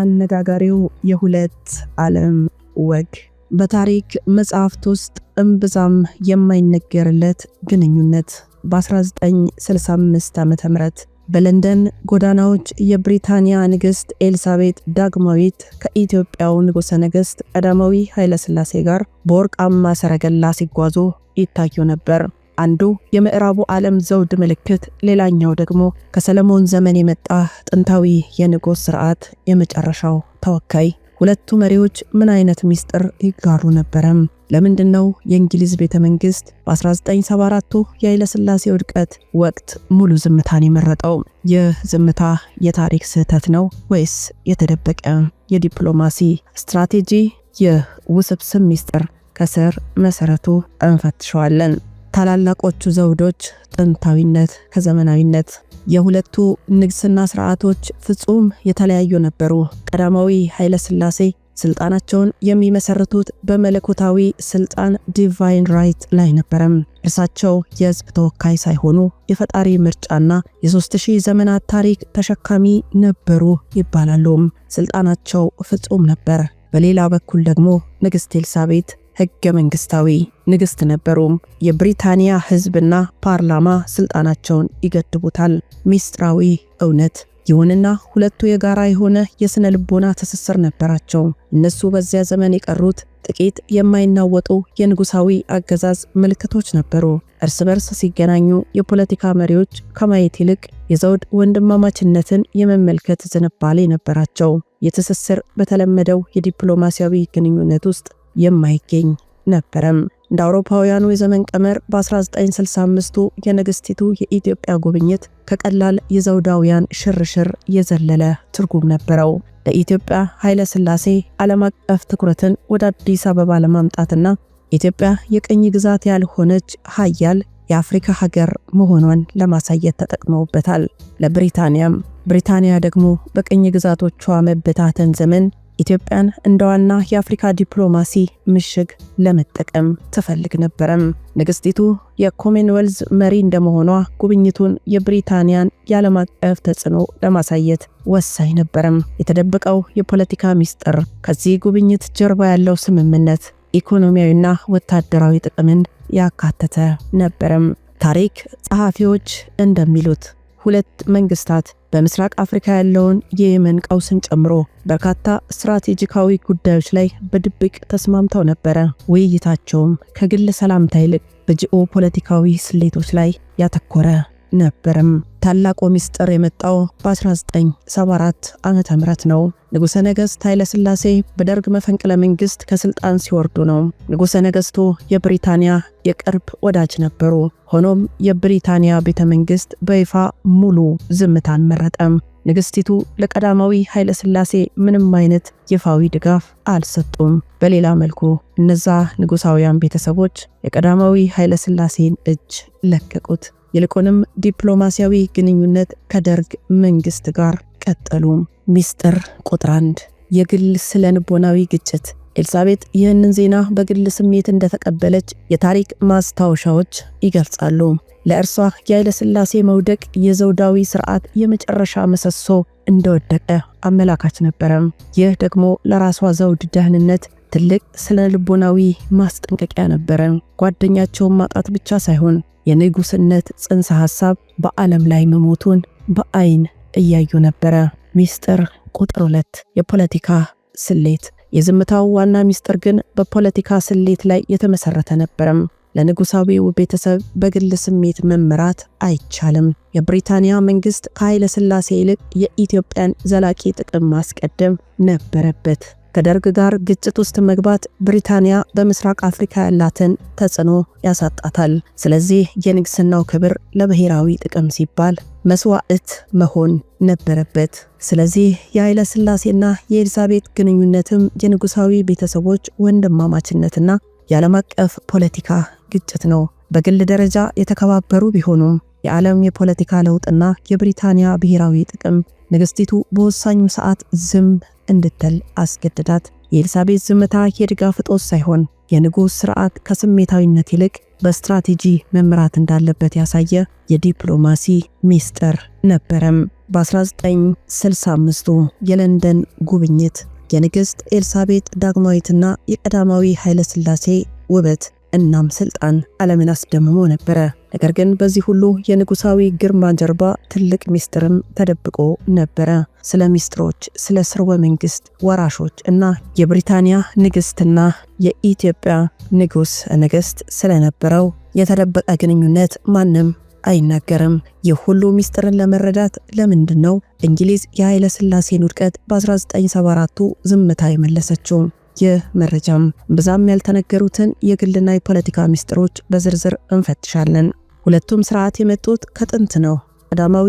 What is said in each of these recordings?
አነጋጋሪው የሁለት ዓለም ወግ በታሪክ መጽሐፍት ውስጥ እምብዛም የማይነገርለት ግንኙነት በ1965 ዓ ም በለንደን ጎዳናዎች የብሪታንያ ንግሥት ኤልሳቤጥ ዳግማዊት ከኢትዮጵያው ንጉሠ ነገሥት ቀዳማዊ ኃይለሥላሴ ጋር በወርቃማ ሰረገላ ሲጓዙ ይታዩ ነበር። አንዱ የምዕራቡ ዓለም ዘውድ ምልክት፣ ሌላኛው ደግሞ ከሰለሞን ዘመን የመጣ ጥንታዊ የንጉሥ ሥርዓት የመጨረሻው ተወካይ። ሁለቱ መሪዎች ምን አይነት ሚስጥር ይጋሩ ነበረም? ለምንድን ነው የእንግሊዝ ቤተ መንግስት በ1974ቱ የኃይለሥላሴ ውድቀት ወቅት ሙሉ ዝምታን የመረጠው? ይህ ዝምታ የታሪክ ስህተት ነው ወይስ የተደበቀ የዲፕሎማሲ ስትራቴጂ? ይህ ውስብስብ ሚስጥር ከስር መሰረቱ እንፈትሸዋለን። ታላላቆቹ ዘውዶች ጥንታዊነት ከዘመናዊነት የሁለቱ ንግስና ስርዓቶች ፍጹም የተለያዩ ነበሩ። ቀዳማዊ ኃይለ ሥላሴ ስልጣናቸውን የሚመሰርቱት በመለኮታዊ ስልጣን ዲቫይን ራይት ላይ ነበረም። እርሳቸው የህዝብ ተወካይ ሳይሆኑ የፈጣሪ ምርጫና የ 3000 ዘመናት ታሪክ ተሸካሚ ነበሩ ይባላሉም። ስልጣናቸው ፍጹም ነበር። በሌላ በኩል ደግሞ ንግስት ኤልሳቤት ህገ መንግስታዊ ንግስት ነበሩ። የብሪታንያ ህዝብና ፓርላማ ስልጣናቸውን ይገድቡታል። ሚስጥራዊ እውነት ይሁንና ሁለቱ የጋራ የሆነ የሥነ ልቦና ትስስር ነበራቸው። እነሱ በዚያ ዘመን የቀሩት ጥቂት የማይናወጡ የንጉሳዊ አገዛዝ ምልክቶች ነበሩ። እርስ በርስ ሲገናኙ የፖለቲካ መሪዎች ከማየት ይልቅ የዘውድ ወንድማማችነትን የመመልከት ዝንባሌ ነበራቸው። የትስስር በተለመደው የዲፕሎማሲያዊ ግንኙነት ውስጥ የማይገኝ ነበረም። እንደ አውሮፓውያኑ የዘመን ቀመር በ1965ቱ የንግሥቲቱ የኢትዮጵያ ጉብኝት ከቀላል የዘውዳውያን ሽርሽር የዘለለ ትርጉም ነበረው። ለኢትዮጵያ ኃይለ ሥላሴ ዓለም አቀፍ ትኩረትን ወደ አዲስ አበባ ለማምጣትና ኢትዮጵያ የቅኝ ግዛት ያልሆነች ሀያል የአፍሪካ ሀገር መሆኗን ለማሳየት ተጠቅመውበታል። ለብሪታንያም ብሪታንያ ደግሞ በቅኝ ግዛቶቿ መበታተን ዘመን ኢትዮጵያን እንደ ዋና የአፍሪካ ዲፕሎማሲ ምሽግ ለመጠቀም ትፈልግ ነበረም። ንግስቲቱ የኮመንዌልዝ መሪ እንደመሆኗ ጉብኝቱን የብሪታንያን የዓለም አቀፍ ተጽዕኖ ለማሳየት ወሳኝ ነበረም። የተደበቀው የፖለቲካ ሚስጥር፣ ከዚህ ጉብኝት ጀርባ ያለው ስምምነት ኢኮኖሚያዊና ወታደራዊ ጥቅምን ያካተተ ነበረም። ታሪክ ጸሐፊዎች እንደሚሉት ሁለት መንግስታት በምስራቅ አፍሪካ ያለውን የየመን ቀውስን ጨምሮ በርካታ ስትራቴጂካዊ ጉዳዮች ላይ በድብቅ ተስማምተው ነበረ። ውይይታቸውም ከግል ሰላምታ ይልቅ በጂኦ ፖለቲካዊ ስሌቶች ላይ ያተኮረ ነበርም። ታላቁ ሚስጥር የመጣው በ1974 ዓ ምህረት ነው። ንጉሠ ነገሥት ኃይለ ሥላሴ በደርግ መፈንቅለ መንግሥት ከስልጣን ሲወርዱ ነው። ንጉሠ ነገሥቱ የብሪታንያ የቅርብ ወዳጅ ነበሩ። ሆኖም የብሪታንያ ቤተ መንግሥት በይፋ ሙሉ ዝምታን መረጠም። ንግሥቲቱ ለቀዳማዊ ኃይለ ሥላሴ ምንም አይነት ይፋዊ ድጋፍ አልሰጡም። በሌላ መልኩ እነዛ ንጉሳውያን ቤተሰቦች የቀዳማዊ ኃይለ ሥላሴን እጅ ለቀቁት። ይልቁንም ዲፕሎማሲያዊ ግንኙነት ከደርግ መንግስት ጋር ቀጠሉ። ሚስጥር ቁጥር አንድ የግል ስነ ልቦናዊ ግጭት። ኤልሳቤጥ ይህንን ዜና በግል ስሜት እንደተቀበለች የታሪክ ማስታወሻዎች ይገልጻሉ። ለእርሷ የኃይለሥላሴ መውደቅ የዘውዳዊ ስርዓት የመጨረሻ ምሰሶ እንደወደቀ አመላካች ነበረም። ይህ ደግሞ ለራሷ ዘውድ ደህንነት ትልቅ ስነ ልቦናዊ ማስጠንቀቂያ ነበረ። ጓደኛቸውን ማጣት ብቻ ሳይሆን የንጉስነት ጽንሰ ሐሳብ በዓለም ላይ መሞቱን በአይን እያዩ ነበረ። ሚስጥር ቁጥር ሁለት የፖለቲካ ስሌት። የዝምታው ዋና ሚስጥር ግን በፖለቲካ ስሌት ላይ የተመሰረተ ነበረም። ለንጉሳዊው ቤተሰብ በግል ስሜት መመራት አይቻልም። የብሪታንያ መንግስት ከኃይለ ሥላሴ ይልቅ የኢትዮጵያን ዘላቂ ጥቅም ማስቀደም ነበረበት። ከደርግ ጋር ግጭት ውስጥ መግባት ብሪታንያ በምስራቅ አፍሪካ ያላትን ተጽዕኖ ያሳጣታል። ስለዚህ የንግስናው ክብር ለብሔራዊ ጥቅም ሲባል መስዋዕት መሆን ነበረበት። ስለዚህ የኃይለ ሥላሴና የኤልሳቤጥ ግንኙነትም የንጉሳዊ ቤተሰቦች ወንድማማችነትና የዓለም አቀፍ ፖለቲካ ግጭት ነው። በግል ደረጃ የተከባበሩ ቢሆኑም የዓለም የፖለቲካ ለውጥና የብሪታንያ ብሔራዊ ጥቅም ንግስቲቱ በወሳኙ ሰዓት ዝም እንድትል አስገድዳት። የኤልሳቤት ዝምታ የድጋፍ እጦት ሳይሆን የንጉሥ ሥርዓት ከስሜታዊነት ይልቅ በስትራቴጂ መምራት እንዳለበት ያሳየ የዲፕሎማሲ ሚስጥር ነበረም። በ1965 ቱ የለንደን ጉብኝት የንግሥት ኤልሳቤት ዳግማዊትና የቀዳማዊ ኃይለሥላሴ ውበት እናም ስልጣን ዓለምን አስደምሞ ነበረ። ነገር ግን በዚህ ሁሉ የንጉሳዊ ግርማ ጀርባ ትልቅ ሚስጥርም ተደብቆ ነበረ። ስለ ሚስጥሮች፣ ስለ ስርወ መንግስት ወራሾች እና የብሪታንያ ንግስትና የኢትዮጵያ ንጉስ ነገስት ስለነበረው የተደበቀ ግንኙነት ማንም አይናገርም። ይህ ሁሉ ሚስጥርን ለመረዳት ለምንድን ነው እንግሊዝ የኃይለ ስላሴን ውድቀት በ1974ቱ ዝምታ የመለሰችው? ይህ መረጃም ብዛም ያልተነገሩትን የግልና የፖለቲካ ሚስጥሮች በዝርዝር እንፈትሻለን። ሁለቱም ስርዓት የመጡት ከጥንት ነው። ቀዳማዊ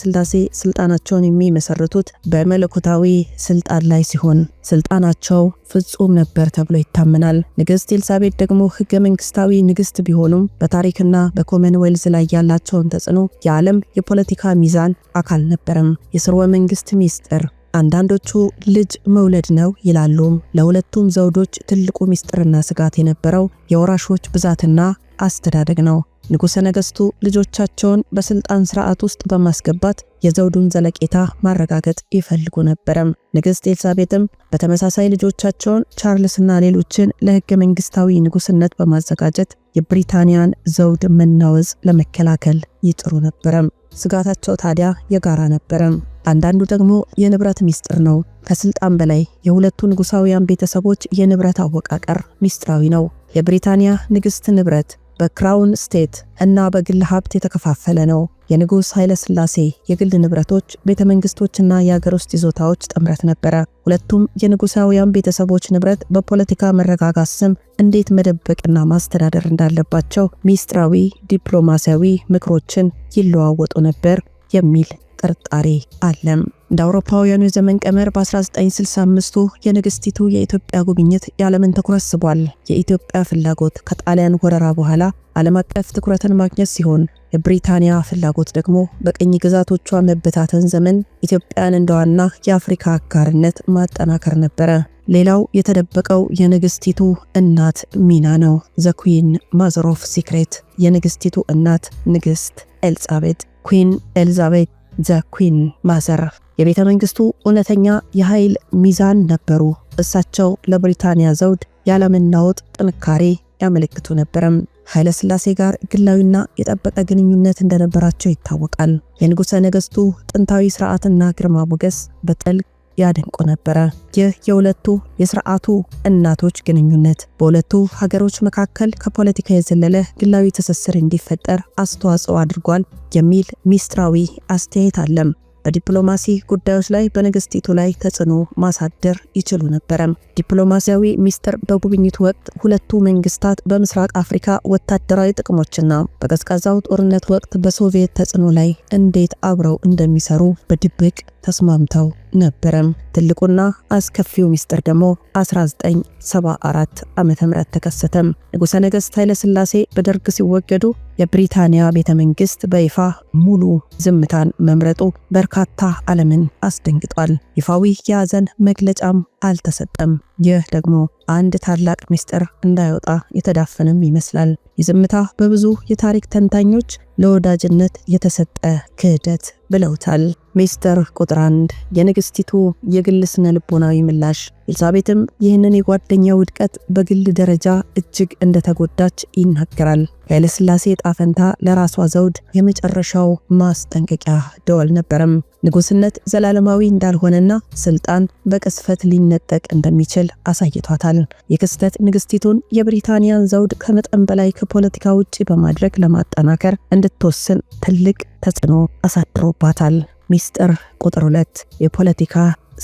ስላሴ ስልጣናቸውን የሚመሰርቱት በመለኮታዊ ስልጣን ላይ ሲሆን ስልጣናቸው ፍጹም ነበር ተብሎ ይታመናል። ንግሥት ኤልሳቤት ደግሞ ህገ መንግስታዊ ንግሥት ቢሆኑም በታሪክና በኮመንዌልዝ ላይ ያላቸውን ተጽዕኖ የዓለም የፖለቲካ ሚዛን አካል ነበርም። የስርወ መንግስት ሚስጥር አንዳንዶቹ ልጅ መውለድ ነው ይላሉ። ለሁለቱም ዘውዶች ትልቁ ሚስጥርና ስጋት የነበረው የወራሾች ብዛትና አስተዳደግ ነው። ንጉሠ ነገሥቱ ልጆቻቸውን በስልጣን ስርዓት ውስጥ በማስገባት የዘውዱን ዘለቄታ ማረጋገጥ ይፈልጉ ነበረም። ንግሥት ኤልሳቤጥም በተመሳሳይ ልጆቻቸውን ቻርልስና ሌሎችን ለሕገ መንግሥታዊ ንጉሥነት በማዘጋጀት የብሪታንያን ዘውድ መናወዝ ለመከላከል ይጥሩ ነበረም። ስጋታቸው ታዲያ የጋራ ነበረም። አንዳንዱ ደግሞ የንብረት ሚስጥር ነው። ከስልጣን በላይ የሁለቱ ንጉሳውያን ቤተሰቦች የንብረት አወቃቀር ሚስጥራዊ ነው። የብሪታንያ ንግሥት ንብረት በክራውን ስቴት እና በግል ሀብት የተከፋፈለ ነው። የንጉሥ ኃይለ ሥላሴ የግል ንብረቶች ቤተ መንግሥቶችና የአገር ውስጥ ይዞታዎች ጥምረት ነበረ። ሁለቱም የንጉሳውያን ቤተሰቦች ንብረት በፖለቲካ መረጋጋት ስም እንዴት መደበቅና ማስተዳደር እንዳለባቸው ሚስጥራዊ ዲፕሎማሲያዊ ምክሮችን ይለዋወጡ ነበር የሚል ጥርጣሬ አለም። እንደ አውሮፓውያኑ የዘመን ቀመር በ1965 የንግስቲቱ የኢትዮጵያ ጉብኝት የዓለምን ትኩረት ስቧል። የኢትዮጵያ ፍላጎት ከጣሊያን ወረራ በኋላ ዓለም አቀፍ ትኩረትን ማግኘት ሲሆን የብሪታንያ ፍላጎት ደግሞ በቅኝ ግዛቶቿ መበታተን ዘመን ኢትዮጵያን እንደዋና የአፍሪካ አጋርነት ማጠናከር ነበረ። ሌላው የተደበቀው የንግስቲቱ እናት ሚና ነው። ዘ ኩዊን ማዘር ኦፍ ሲክሬት የንግስቲቱ እናት ንግስት ኤልዛቤት ኩዊን ኤልዛቤት ዘ ኩዊን ማዘር የቤተ መንግስቱ እውነተኛ የኃይል ሚዛን ነበሩ። እሳቸው ለብሪታንያ ዘውድ ያለመናወጥ ጥንካሬ ያመለክቱ ነበርም። ኃይለ ሥላሴ ጋር ግላዊና የጠበቀ ግንኙነት እንደነበራቸው ይታወቃል። የንጉሠ ነገሥቱ ጥንታዊ ሥርዓትና ግርማ ሞገስ በጥልቅ ያደንቁ ነበረ። ይህ የሁለቱ የሥርዓቱ እናቶች ግንኙነት በሁለቱ ሀገሮች መካከል ከፖለቲካ የዘለለ ግላዊ ትስስር እንዲፈጠር አስተዋጽኦ አድርጓል የሚል ሚስጥራዊ አስተያየት አለም። በዲፕሎማሲ ጉዳዮች ላይ በንግስቲቱ ላይ ተጽዕኖ ማሳደር ይችሉ ነበረም። ዲፕሎማሲያዊ ሚስጥር በጉብኝቱ ወቅት ሁለቱ መንግስታት በምስራቅ አፍሪካ ወታደራዊ ጥቅሞችና በቀዝቃዛው ጦርነት ወቅት በሶቪየት ተጽዕኖ ላይ እንዴት አብረው እንደሚሰሩ በድብቅ ተስማምተው ነበረም። ትልቁና አስከፊው ሚስጥር ደግሞ 1974 ዓ.ም ተከሰተም። ንጉሠ ነገሥት ኃይለሥላሴ በደርግ ሲወገዱ የብሪታንያ ቤተ መንግስት በይፋ ሙሉ ዝምታን መምረጡ በርካታ ዓለምን አስደንግጧል። ይፋዊ የሐዘን መግለጫም አልተሰጠም። ይህ ደግሞ አንድ ታላቅ ምስጢር እንዳይወጣ የተዳፈንም ይመስላል። የዝምታ በብዙ የታሪክ ተንታኞች ለወዳጅነት የተሰጠ ክህደት ብለውታል። ሚስተር ቁጥር አንድ የንግስቲቱ የግል ስነ ልቦናዊ ምላሽ ኤልሳቤትም ይህንን የጓደኛ ውድቀት በግል ደረጃ እጅግ እንደተጎዳች ይናገራል። ኃይለሥላሴ ጣፈንታ ለራሷ ዘውድ የመጨረሻው ማስጠንቀቂያ ደወል ነበረም። ንጉስነት ዘላለማዊ እንዳልሆነና ስልጣን በቅስፈት ሊነጠቅ እንደሚችል አሳይቷታል። የክስተት ንግስቲቱን የብሪታንያን ዘውድ ከመጠን በላይ ከፖለቲካ ውጭ በማድረግ ለማጠናከር እንድትወስን ትልቅ ተጽዕኖ አሳድሮባታል። ሚስጥር ቁጥር ሁለት የፖለቲካ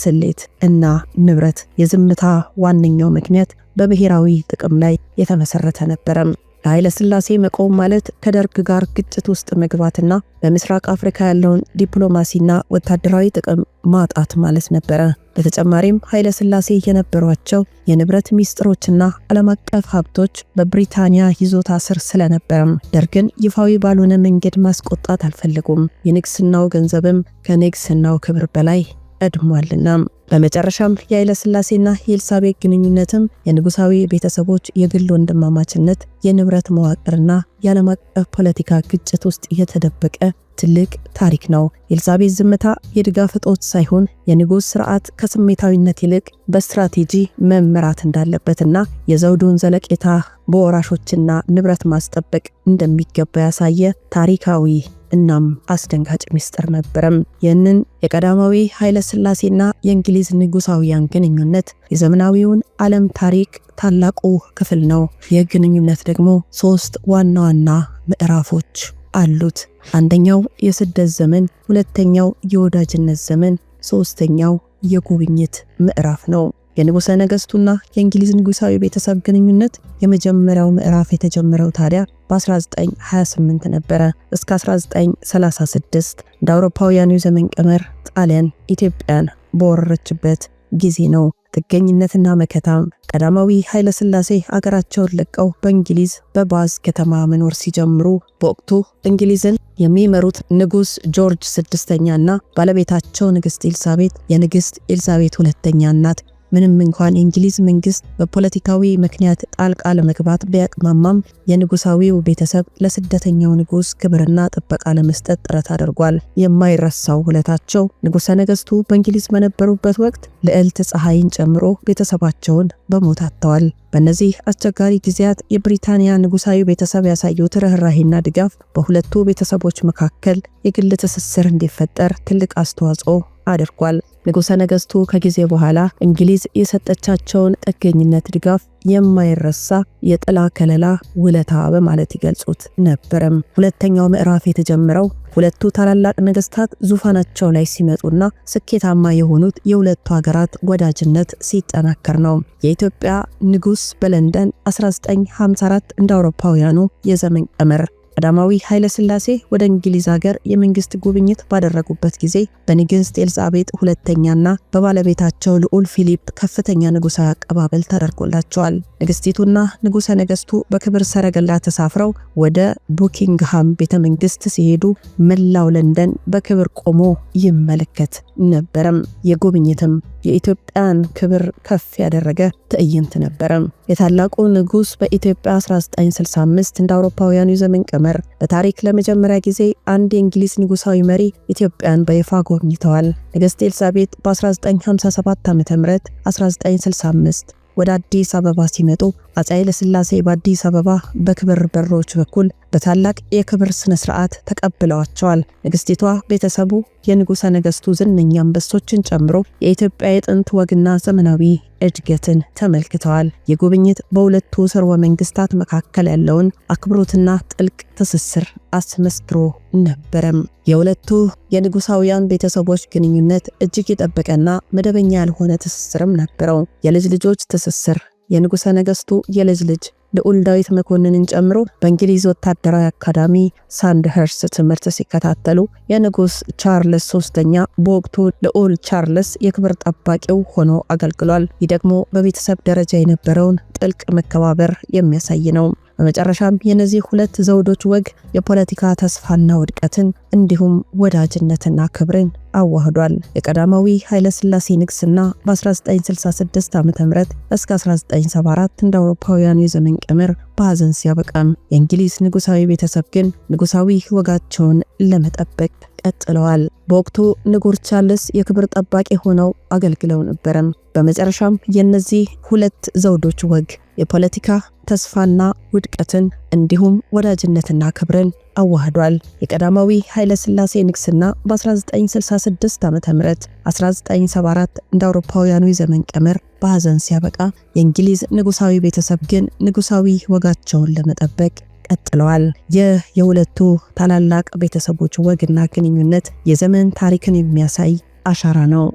ስሌት እና ንብረት የዝምታ ዋነኛው ምክንያት በብሔራዊ ጥቅም ላይ የተመሰረተ ነበረም። ለኃይለ ሥላሴ መቆም ማለት ከደርግ ጋር ግጭት ውስጥ መግባትና በምስራቅ አፍሪካ ያለውን ዲፕሎማሲና ወታደራዊ ጥቅም ማጣት ማለት ነበረ። በተጨማሪም ኃይለ ሥላሴ የነበሯቸው የንብረት ሚስጥሮችና ዓለም አቀፍ ሀብቶች በብሪታንያ ይዞታ ስር ስለነበረም ደርግን ይፋዊ ባልሆነ መንገድ ማስቆጣት አልፈለጉም። የንግስናው ገንዘብም ከንግስናው ክብር በላይ ቀድሟልና። በመጨረሻም የኃይለሥላሴና የኤልሳቤጥ ግንኙነትም የንጉሳዊ ቤተሰቦች የግል ወንድማማችነት፣ የንብረት መዋቅርና የዓለም አቀፍ ፖለቲካ ግጭት ውስጥ የተደበቀ ትልቅ ታሪክ ነው። የኤልሳቤት ዝምታ የድጋፍ እጦት ሳይሆን የንጉሥ ስርዓት ከስሜታዊነት ይልቅ በስትራቴጂ መመራት እንዳለበትና የዘውዱን ዘለቄታ በወራሾችና ንብረት ማስጠበቅ እንደሚገባ ያሳየ ታሪካዊ እናም አስደንጋጭ ሚስጥር ነበረም። ይህንን የቀዳማዊ ኃይለ ሥላሴና የእንግሊዝ ንጉሳውያን ግንኙነት የዘመናዊውን ዓለም ታሪክ ታላቁ ክፍል ነው። ይህ ግንኙነት ደግሞ ሶስት ዋና ዋና ምዕራፎች አሉት። አንደኛው የስደት ዘመን፣ ሁለተኛው የወዳጅነት ዘመን፣ ሶስተኛው የጉብኝት ምዕራፍ ነው። የንጉሠ ነገሥቱና የእንግሊዝ ንጉሳዊ ቤተሰብ ግንኙነት የመጀመሪያው ምዕራፍ የተጀመረው ታዲያ በ1928 ነበረ። እስከ 1936 እንደ አውሮፓውያኑ የዘመን ቀመር ጣሊያን ኢትዮጵያን በወረረችበት ጊዜ ነው። ጥገኝነትና መከታም ቀዳማዊ ኃይለ ሥላሴ አገራቸውን ለቀው በእንግሊዝ በባዝ ከተማ መኖር ሲጀምሩ በወቅቱ እንግሊዝን የሚመሩት ንጉሥ ጆርጅ ስድስተኛ እና ባለቤታቸው ንግሥት ኤልሳቤት የንግሥት ኤልሳቤት ሁለተኛ እናት ምንም እንኳን የእንግሊዝ መንግስት በፖለቲካዊ ምክንያት ጣልቃ ለመግባት ቢያቅማማም የንጉሳዊው ቤተሰብ ለስደተኛው ንጉስ ክብርና ጥበቃ ለመስጠት ጥረት አድርጓል። የማይረሳው ውለታቸው ንጉሠ ነገስቱ በእንግሊዝ በነበሩበት ወቅት ልዕልት ፀሐይን ጨምሮ ቤተሰባቸውን በሞት አጥተዋል። በእነዚህ አስቸጋሪ ጊዜያት የብሪታንያ ንጉሳዊ ቤተሰብ ያሳዩት ርኅራሄና ድጋፍ በሁለቱ ቤተሰቦች መካከል የግል ትስስር እንዲፈጠር ትልቅ አስተዋጽኦ አድርጓል። ንጉሠ ነገሥቱ ከጊዜ በኋላ እንግሊዝ የሰጠቻቸውን ጥገኝነት ድጋፍ የማይረሳ የጥላ ከለላ ውለታ በማለት ይገልጹት ነበረም። ሁለተኛው ምዕራፍ የተጀመረው ሁለቱ ታላላቅ ነገስታት ዙፋናቸው ላይ ሲመጡና ስኬታማ የሆኑት የሁለቱ ሀገራት ወዳጅነት ሲጠናከር ነው። የኢትዮጵያ ንጉሥ በለንደን 1954 እንደ አውሮፓውያኑ የዘመን ቀመር ቀዳማዊ ኃይለሥላሴ ወደ እንግሊዝ ሀገር የመንግስት ጉብኝት ባደረጉበት ጊዜ በንግሥት ኤልሳቤጥ ሁለተኛና በባለቤታቸው ልዑል ፊሊፕ ከፍተኛ ንጉሣዊ አቀባበል ተደርጎላቸዋል። ንግሥቲቱና ንጉሠ ነገሥቱ በክብር ሰረገላ ተሳፍረው ወደ ቡኪንግሃም ቤተ መንግስት ሲሄዱ መላው ለንደን በክብር ቆሞ ይመለከት ነበረም። የጉብኝትም የኢትዮጵያን ክብር ከፍ ያደረገ ትዕይንት ነበረም። የታላቁ ንጉስ በኢትዮጵያ 1965 እንደ አውሮፓውያኑ ዘመን ቀመር በታሪክ ለመጀመሪያ ጊዜ አንድ የእንግሊዝ ንጉሳዊ መሪ ኢትዮጵያን በይፋ ጎብኝተዋል። ንግሥት ኤልሳቤጥ በ1957 ዓ ም 1965 ወደ አዲስ አበባ ሲመጡ አፄ ሥላሴ በአዲስ አበባ በክብር በሮች በኩል በታላቅ የክብር ስነ ስርዓት ተቀብለዋቸዋል። ንግስቲቷ ቤተሰቡ የንጉሠ ነገሥቱ ዝነኛ አንበሶችን ጨምሮ የኢትዮጵያ የጥንት ወግና ዘመናዊ እድገትን ተመልክተዋል። የጉብኝት በሁለቱ ስርወ መንግስታት መካከል ያለውን አክብሮትና ጥልቅ ትስስር አስመስክሮ ነበረም። የሁለቱ የንጉሳውያን ቤተሰቦች ግንኙነት እጅግ የጠበቀና መደበኛ ያልሆነ ትስስርም ነበረው። የልጅ ልጆች ትስስር የንጉሠ ነገሥቱ የልጅ ልጅ ልዑል ዳዊት መኮንንን ጨምሮ በእንግሊዝ ወታደራዊ አካዳሚ ሳንድሀርስ ትምህርት ሲከታተሉ የንጉሥ ቻርልስ ሶስተኛ በወቅቱ ልዑል ቻርልስ የክብር ጠባቂው ሆኖ አገልግሏል። ይህ ደግሞ በቤተሰብ ደረጃ የነበረውን ጥልቅ መከባበር የሚያሳይ ነው። በመጨረሻም የነዚህ ሁለት ዘውዶች ወግ የፖለቲካ ተስፋና ውድቀትን እንዲሁም ወዳጅነትና ክብርን አዋህዷል። የቀዳማዊ ኃይለሥላሴ ንግስና በ1966 ዓ ም እስከ 1974 እንደ አውሮፓውያኑ የዘመን ቅምር በሐዘን ሲያበቃም የእንግሊዝ ንጉሳዊ ቤተሰብ ግን ንጉሳዊ ወጋቸውን ለመጠበቅ ቀጥለዋል። በወቅቱ ንጉር ቻርልስ የክብር ጠባቂ ሆነው አገልግለው ነበረም። በመጨረሻም የእነዚህ ሁለት ዘውዶች ወግ የፖለቲካ ተስፋና ውድቀትን እንዲሁም ወዳጅነትና ክብርን አዋህዷል። የቀዳማዊ ኃይለ ሥላሴ ንግስና በ1966 ዓ ም 1974 እንደ አውሮፓውያኑ የዘመን ቀመር በሐዘን ሲያበቃ የእንግሊዝ ንጉሳዊ ቤተሰብ ግን ንጉሳዊ ወጋቸውን ለመጠበቅ ቀጥለዋል። ይህ የሁለቱ ታላላቅ ቤተሰቦች ወግና ግንኙነት የዘመን ታሪክን የሚያሳይ አሻራ ነው።